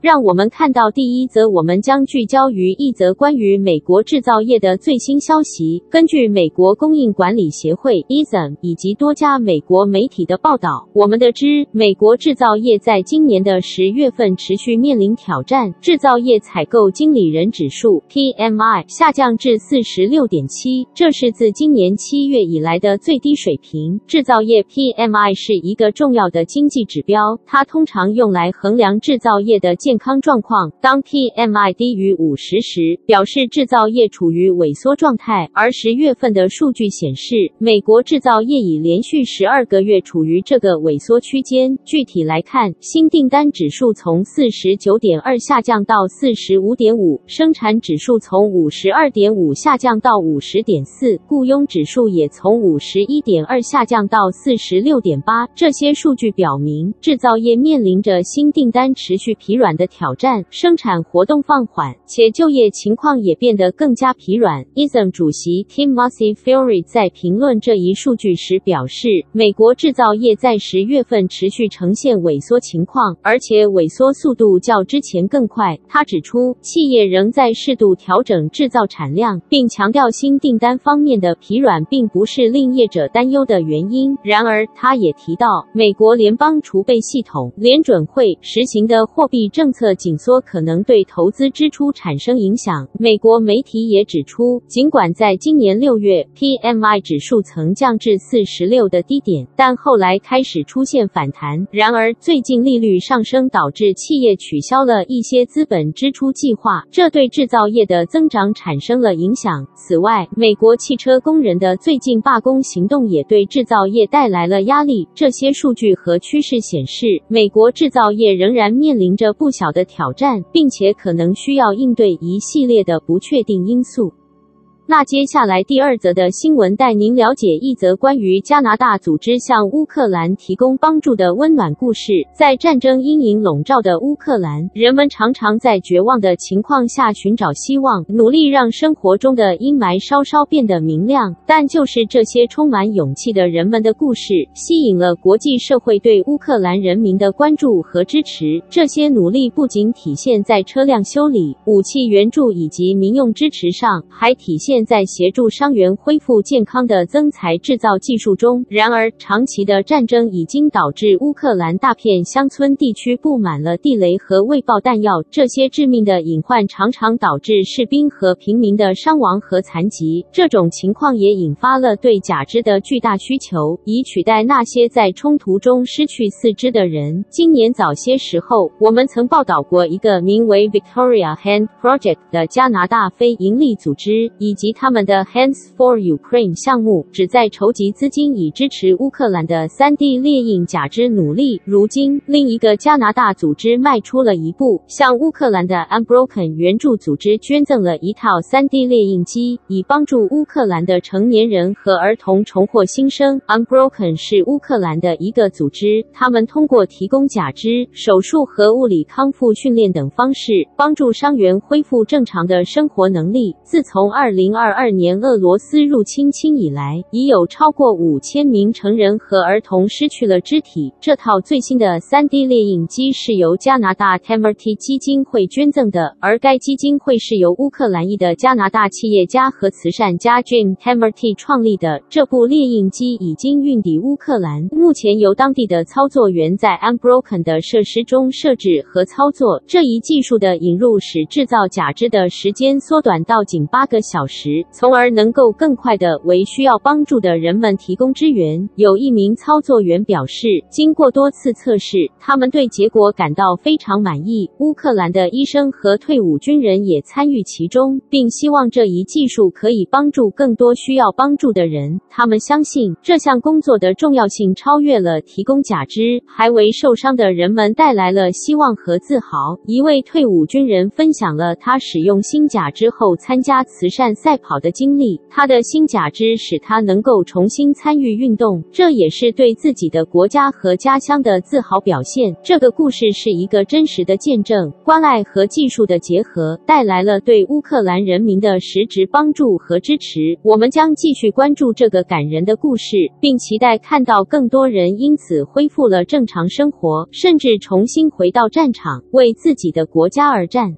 讓我們看到第一則，我們將聚焦於一則關於美國製造業的最新消息。根據美國供應管理協會 （ISM） 以及多家美國媒體的報道，我們得知美國製造業在今年的十月份持續面臨挑戰。製造業採購經理人指數 （PMI） 下降至四十六點七，這是自今年七月以來的最低水平。製造業 PMI 是一個重要的經濟指標，它通常用來衡量製造業的。健康狀況。當 PMI 低於五十時，時，表示製造業處於萎縮狀態。而十月份的數據顯示，美國製造業已連續十二個月處於這個萎縮區間。具體來看，新訂單指數從四十九點二下降到四十五點五，生產指數從五十二點五下降到五十點四，僱傭指數也從五十一點二下降到四十六點八。這些數據表明，製造業面臨着新訂單持續疲軟。的挑戰，生產活動放緩，且就業情況也變得更加疲軟。ISM 主席 Timothy Fury 在評論這一數據時表示，美國製造業在十月份持續呈現萎縮情況，而且萎縮速度較之前更快。他指出，企業仍在適度調整製造產量，並強調新訂單方面的疲軟並不是令業者擔憂的原因。然而，他也提到，美國聯邦儲備系統聯準會實行的貨幣政策。政策緊縮可能對投資支出產生影響。美國媒體也指出，儘管在今年六月 PMI 指數曾降至四十六的低點，但後來開始出現反彈。然而，最近利率上升導致企業取消了一些資本支出計劃，這對製造業的增長產生了影響。此外，美國汽車工人的最近罷工行動也對製造業帶來了壓力。這些數據和趨勢顯示，美國製造業仍然面臨着不。小的挑戰，並且可能需要應對一系列的不確定因素。那接下來第二則的新聞帶您了解一則關於加拿大組織向烏克蘭提供幫助的溫暖故事。在戰爭陰影籠罩的烏克蘭，人們常常在絕望的情況下尋找希望，努力讓生活中的陰霾稍稍變得明亮。但就是這些充滿勇氣的人們的故事，吸引了國際社會對烏克蘭人民的關注和支持。這些努力不僅體現在車輛修理、武器援助以及民用支持上，還體現。現在協助傷員恢復健康的增材製造技術中，然而長期的戰爭已經導致烏克蘭大片鄉村地區布滿了地雷和未爆彈藥，這些致命的隱患常常導致士兵和平民的傷亡和殘疾。這種情況也引發了對假肢的巨大需求，以取代那些在衝突中失去四肢的人。今年早些時候，我們曾報道過一個名為 Victoria Hand Project 的加拿大非營利組織，以及。他們的 Hands for Ukraine 項目旨在籌集資金以支持烏克蘭的 3D 列印假肢努力。如今，另一個加拿大組織邁出了一步，向烏克蘭的 Unbroken 援助組織捐贈了一套 3D 列印機，以幫助烏克蘭的成年人和兒童重獲新生。Unbroken 是烏克蘭的一個組織，他們通過提供假肢、手術和物理康復訓練等方式，幫助傷員恢復正常的生活能力。自從202二二年，俄羅斯入侵侵以來，已有超過五千名成人和兒童失去了肢體。這套最新的 3D 列印機是由加拿大 Temerty 基金會捐贈的，而該基金會是由烏克蘭裔的加拿大企業家和慈善家 Jim Temerty 創立的。這部列印機已經運抵烏克蘭，目前由當地的操作員在 Unbroken 的設施中設置和操作。這一技術的引入使製造假肢的時間縮短到僅八個小時。從而能夠更快地為需要幫助的人們提供支援。有一名操作員表示，經過多次測試，他們對結果感到非常滿意。烏克蘭的醫生和退伍軍人也參與其中，並希望這一技術可以幫助更多需要幫助的人。他們相信這項工作的重要性超越了提供假肢，還為受傷的人們帶來了希望和自豪。一位退伍軍人分享了他使用新假肢後參加慈善賽好的經歷，他的新假肢使他能夠重新參與運動，這也是對自己的國家和家鄉的自豪表現。這個故事是一個真實的見證，關愛和技術的結合，帶來了對烏克蘭人民的實質幫助和支持。我們將繼續關注這個感人的故事，並期待看到更多人因此恢復了正常生活，甚至重新回到戰場，為自己的國家而戰。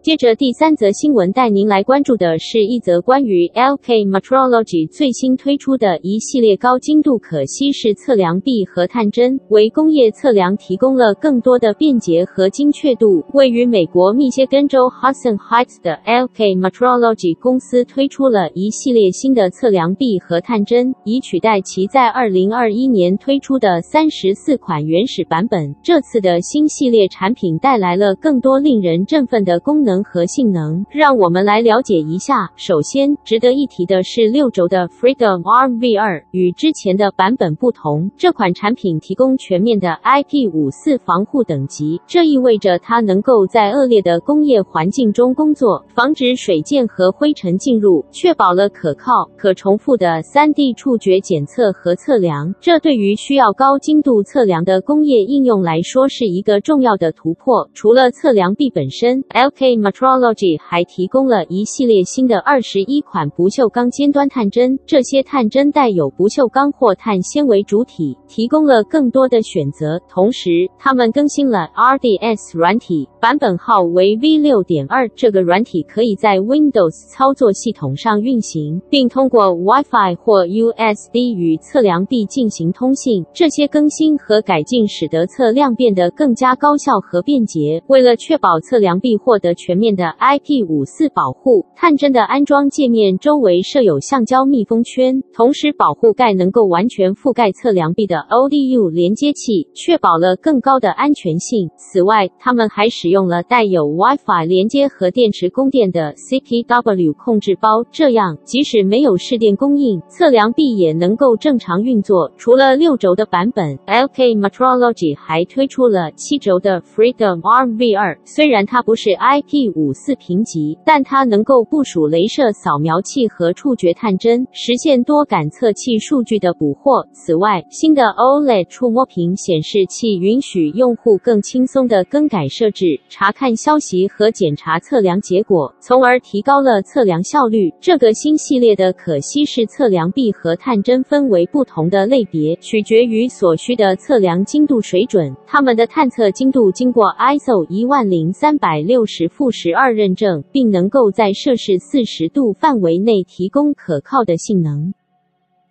接着第三則新聞，帶您來關注的是一則關於 LK Metrology 最新推出的一系列高精度可攜式測量臂和探針，為工業測量提供了更多的便捷和精確度。位於美國密歇根州 Hudson Heights 的 LK Metrology 公司推出了一系列新的測量臂和探針，以取代其在2021年推出的34款原始版本。這次的新系列產品帶來了更多令人振奮的功能。能和性能，讓我們來了解一下。首先值得一提的是，六軸的 Freedom RV2 與之前的版本不同，這款產品提供全面的 IP 五四防護等級，這意味着它能夠在惡劣的工業環境中工作，防止水濺和灰塵進入，確保了可靠、可重複的 3D 觸覺檢測和測量。這對於需要高精度測量的工業應用來說是一個重要的突破。除了測量臂本身，LK。Metrology 還提供了一系列新的二十一款不銹鋼尖端探針，這些探針帶有不銹鋼或碳纖維主體，提供了更多的選擇。同時，他們更新了 RDS 軟體，版本號為 V 六點二。這個軟體可以在 Windows 操作系統上運行，並通過 Wi-Fi 或 USB 與測量臂進行通信。這些更新和改進使得測量變得更加高效和便捷。為了確保測量臂獲得全面的 IP54 保護，探針的安裝界面周圍設有橡膠密封圈，同時保護蓋能夠完全覆蓋測量臂的 ODU 連接器，確保了更高的安全性。此外，他們還使用了帶有 Wi-Fi 連接和電池供電的 CPW 控制包，這樣即使沒有市電供應，測量臂也能夠正常運作。除了六軸的版本，LK Metrology 還推出了七軸的 Freedom RV2，雖然它不是 IP。第五四評級，但它能夠部署鐳射掃描器和觸覺探針，實現多感測器數據的捕獲。此外，新的 OLED 觸摸屏顯示器允許用戶更輕鬆地更改設置、查看消息和檢查測量結果，從而提高了測量效率。這個新系列的可攜式測量臂和探針分為不同的類別，取決於所需的測量精度水準。它們的探測精度經過 ISO 一萬零三百六十十二認證，並能夠在攝氏四十度範圍內提供可靠的性能。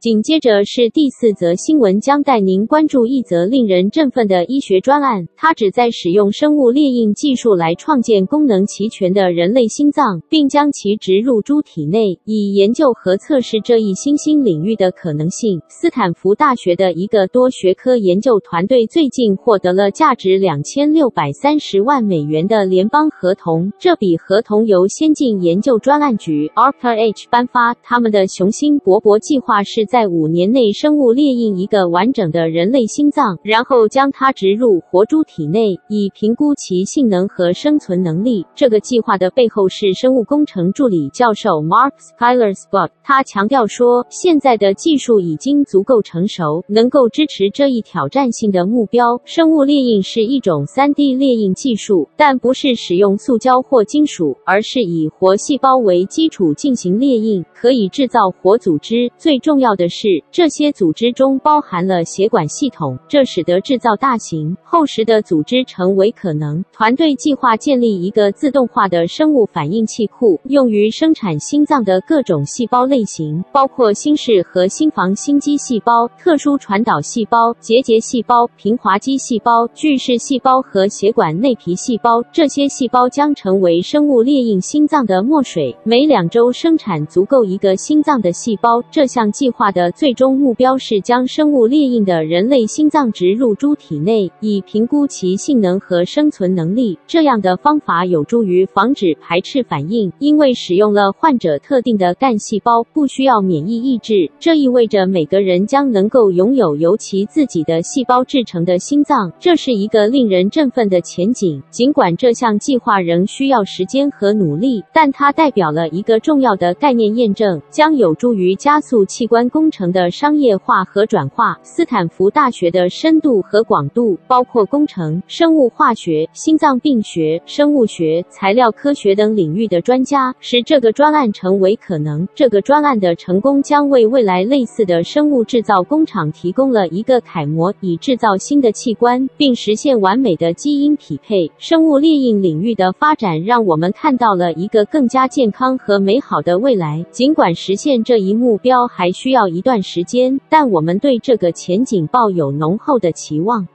緊接着是第四則新聞，將帶您關注一則令人振奮的醫學專案。它旨在使用生物列印技術來創建功能齊全的人類心臟，並將其植入豬體內，以研究和測試這一新興領域的可能性。斯坦福大學的一個多學科研究團隊最近獲得了價值兩千六百三十萬美元的聯邦合同，這筆合同由先進研究專案局 ARPA-H 頒發。他們的雄心勃勃計劃是在。在五年內，生物列印一個完整的人類心臟，然後將它植入活豬體內，以評估其性能和生存能力。這個計劃的背後是生物工程助理教授 Mark Skylar-Scott，他強調說，現在的技術已經足夠成熟，能夠支持這一挑戰性的目標。生物列印是一種 3D 列印技術，但不是使用塑膠或金屬，而是以活細胞為基礎進行列印，可以制造活組織。最重要。的是，這些組織中包含了血管系統，這使得製造大型、厚實的組織成為可能。團隊計劃建立一個自動化的生物反應器庫，用於生產心臟的各種細胞類型，包括心室和心房心肌細胞、特殊傳導細胞、結節，節細胞、平滑肌細胞、巨噬細胞和血管內皮細胞。這些細胞將成為生物列印心臟的墨水。每兩周生產足夠一個心臟的細胞。這項計劃。它的最終目標是將生物列印的人類心臟植入豬體內，以評估其性能和生存能力。這樣的方法有助於防止排斥反應，因為使用了患者特定的幹細胞，不需要免疫抑制。這意味着每個人將能夠擁有由其自己的細胞制成的心臟，這是一個令人振奮的前景。儘管這項計劃仍需要時間和努力，但它代表了一個重要的概念驗證，將有助於加速器官。工程的商業化和轉化，斯坦福大學的深度和廣度，包括工程、生物化學、心臟病學、生物學、材料科學等領域的專家，使這個專案成為可能。這個專案的成功將為未來類似的生物制造工廠提供了一個楷模，以制造新的器官，並實現完美的基因匹配。生物列印領域的發展，讓我們看到了一個更加健康和美好的未來。儘管實現這一目標還需要，一段時間，但我們對這個前景抱有濃厚的期望。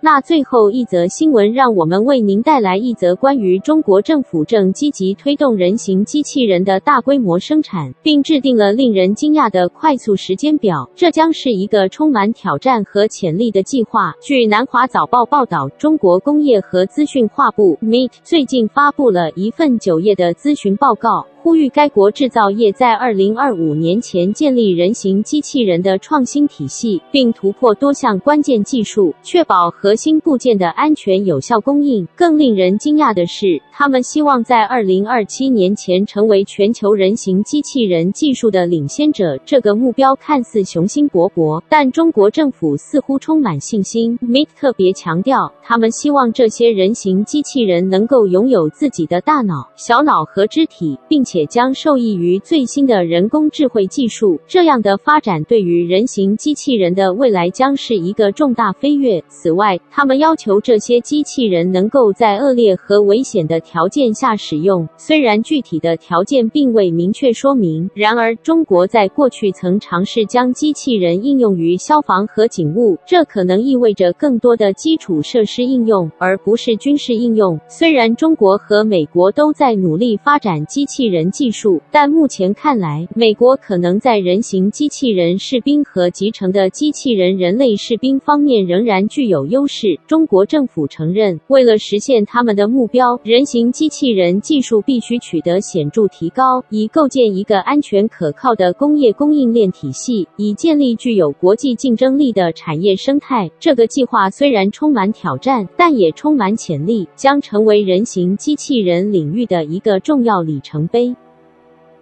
那最後一則新聞，讓我們為您帶來一則關於中國政府正積極推動人形機器人的大規模生產，並制定了令人驚訝的快速時間表。這將是一個充滿挑戰和潛力的計劃。據《南華早報》報道，中國工業和資訊化部 MIIT 最近發布了一份九頁的諮詢報告。呼籲該國製造業在二零二五年前建立人形機器人的創新體系，並突破多項關鍵技術，確保核心部件的安全有效供應。更令人驚訝的是，他們希望在二零二七年前成為全球人形機器人技術的領先者。這個目標看似雄心勃勃，但中國政府似乎充滿信心。MIIT 特別強調，他們希望這些人形機器人能夠擁有自己的大腦、小腦和肢體，並且，也將受益於最新的人工智慧技術，這樣的發展對於人形機器人的未來將是一個重大飛躍。此外，他們要求這些機器人能夠在惡劣和危險的條件下使用，雖然具體的條件並未明確說明。然而，中國在過去曾嘗試將機器人應用於消防和警務，這可能意味着更多的基礎設施應用，而不是軍事應用。雖然中國和美國都在努力發展機器人。技術，但目前看來，美國可能在人形機器人士兵和集成的機器人人類士兵方面仍然具有優勢。中國政府承認，為了實現他們的目標，人形機器人技術必須取得顯著提高，以構建一個安全可靠的工業供應鏈體系，以建立具有國際競爭力的產業生態。這個計劃雖然充滿挑戰，但也充滿潛力，將成為人形機器人領域的一個重要里程碑。